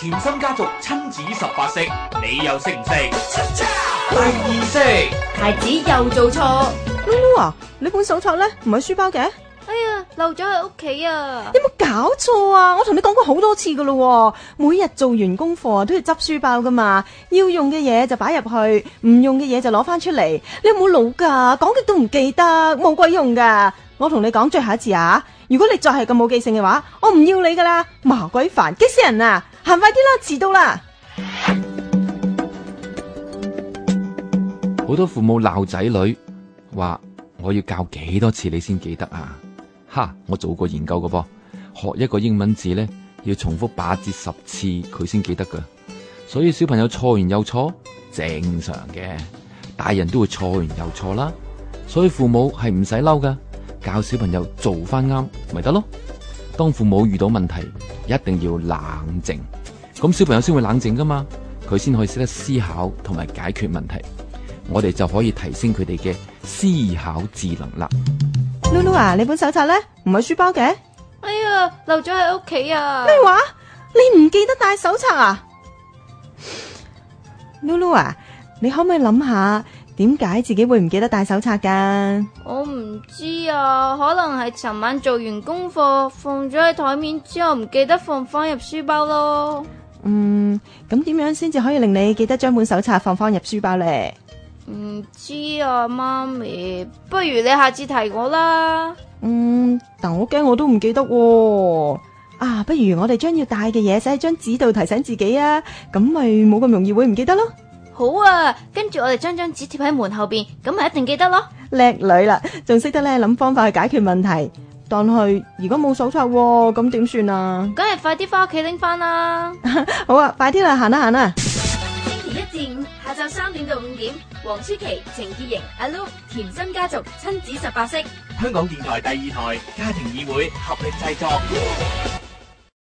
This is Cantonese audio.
甜心家族親子十八式，你又識唔識？第二式，孩子又做錯。嚕嚕啊，你本手冊咧，唔係書包嘅？哎呀，漏咗喺屋企啊！有冇搞錯啊？我同你講過好多次噶啦喎，每日做完功課都要執書包噶嘛，要用嘅嘢就擺入去，唔用嘅嘢就攞翻出嚟。你有冇腦噶？講極都唔記得，冇鬼用噶！我同你講最後一次啊！如果你再係咁冇記性嘅話，我唔要你噶啦！麻鬼煩，激死人啊！行快啲啦！遲到啦！好多父母鬧仔女，話我要教幾多次你先記得啊？哈！我做過研究嘅噃，學一個英文字咧，要重複八至十次佢先記得噶。所以小朋友錯完又錯，正常嘅，大人都會錯完又錯啦。所以父母係唔使嬲噶，教小朋友做翻啱，咪得咯。當父母遇到問題，一定要冷靜，咁小朋友先會冷靜噶嘛，佢先可以識得思考同埋解決問題，我哋就可以提升佢哋嘅思考智能啦。Lulu 啊，你本手冊咧，唔係書包嘅，哎呀，漏咗喺屋企啊！咩話？你唔記得帶手冊啊？Lulu 啊！你可唔可以諗下點解自己會唔記得帶手冊噶？我唔知啊，可能係尋晚做完功課放咗喺台面之後，唔記得放翻入書包咯。嗯，咁點樣先至可以令你記得將本手冊放翻入書包咧？唔知啊，媽咪，不如你下次提我啦。嗯，但我驚我都唔記得喎。啊，啊，不如我哋將要帶嘅嘢寫喺張紙度提醒自己啊，咁咪冇咁容易會唔記得咯。好啊，跟住我哋將張紙貼喺門後邊，咁咪一定記得咯。叻女啦，仲識得咧諗方法去解決問題。但係如果冇手冊，咁點算啊？梗係快啲翻屋企拎翻啦。 好啊，快啲嚟行啦行啦。行啦，星期一至五下晝三點到五點，黃舒淇、程潔瑩、阿 Lu、甜心家族親子十八式，香港電台第二台家庭議會合力製作。